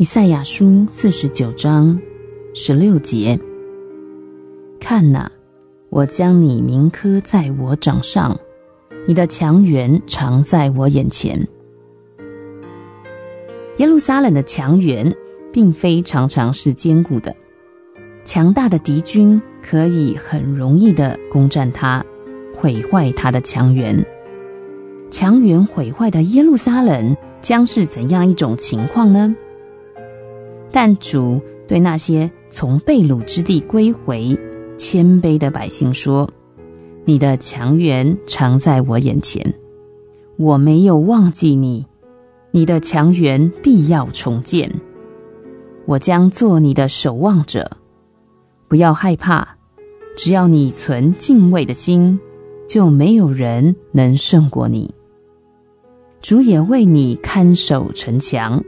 以賽亞書四十九章十六節：“看哪，我將你銘刻在我掌上，你的牆垣常在我眼前。”耶路撒冷的牆垣並非常常是堅固的，強大的敵軍可以很容易的攻占它，毀壞它的牆垣。牆垣毀壞的耶路撒冷將是怎樣一種情況呢？但主對那些從被擄之地歸迴、謙卑的百姓說：“你的牆垣常在我眼前，我沒有忘記你。你的牆垣必要重建，我將做你的守望者。不要害怕，只要你存敬畏的心，就沒有人能勝過你。主也為你看守城牆。”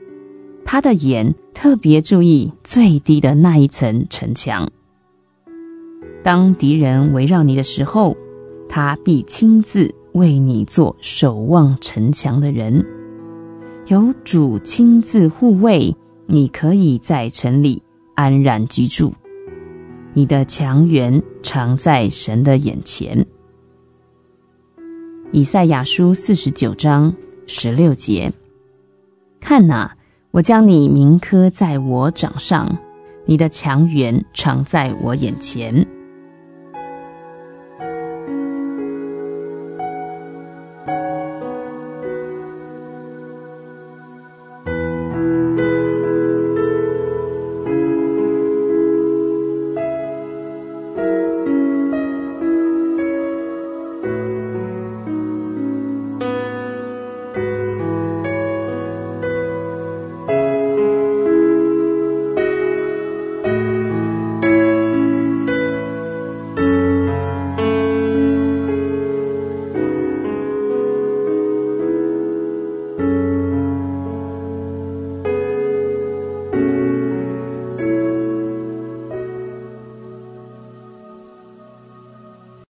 他的眼特別注意最低的那一層城牆。當敵人圍繞你的時候，他必親自為你做守望城牆的人。有主親自護衛，你可以在城裡安然居住。你的牆垣常在神的眼前。以賽亞書四十九章十六節，看哪、啊。我將你銘刻在我掌上，你的牆垣常在我眼前。